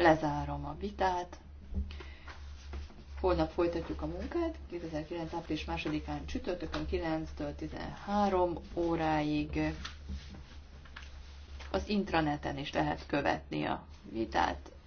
lezárom a vitát. Holnap folytatjuk a munkát, 2009. április 2-án csütörtökön 9-től 13 óráig. Az intraneten is lehet követni a vitát.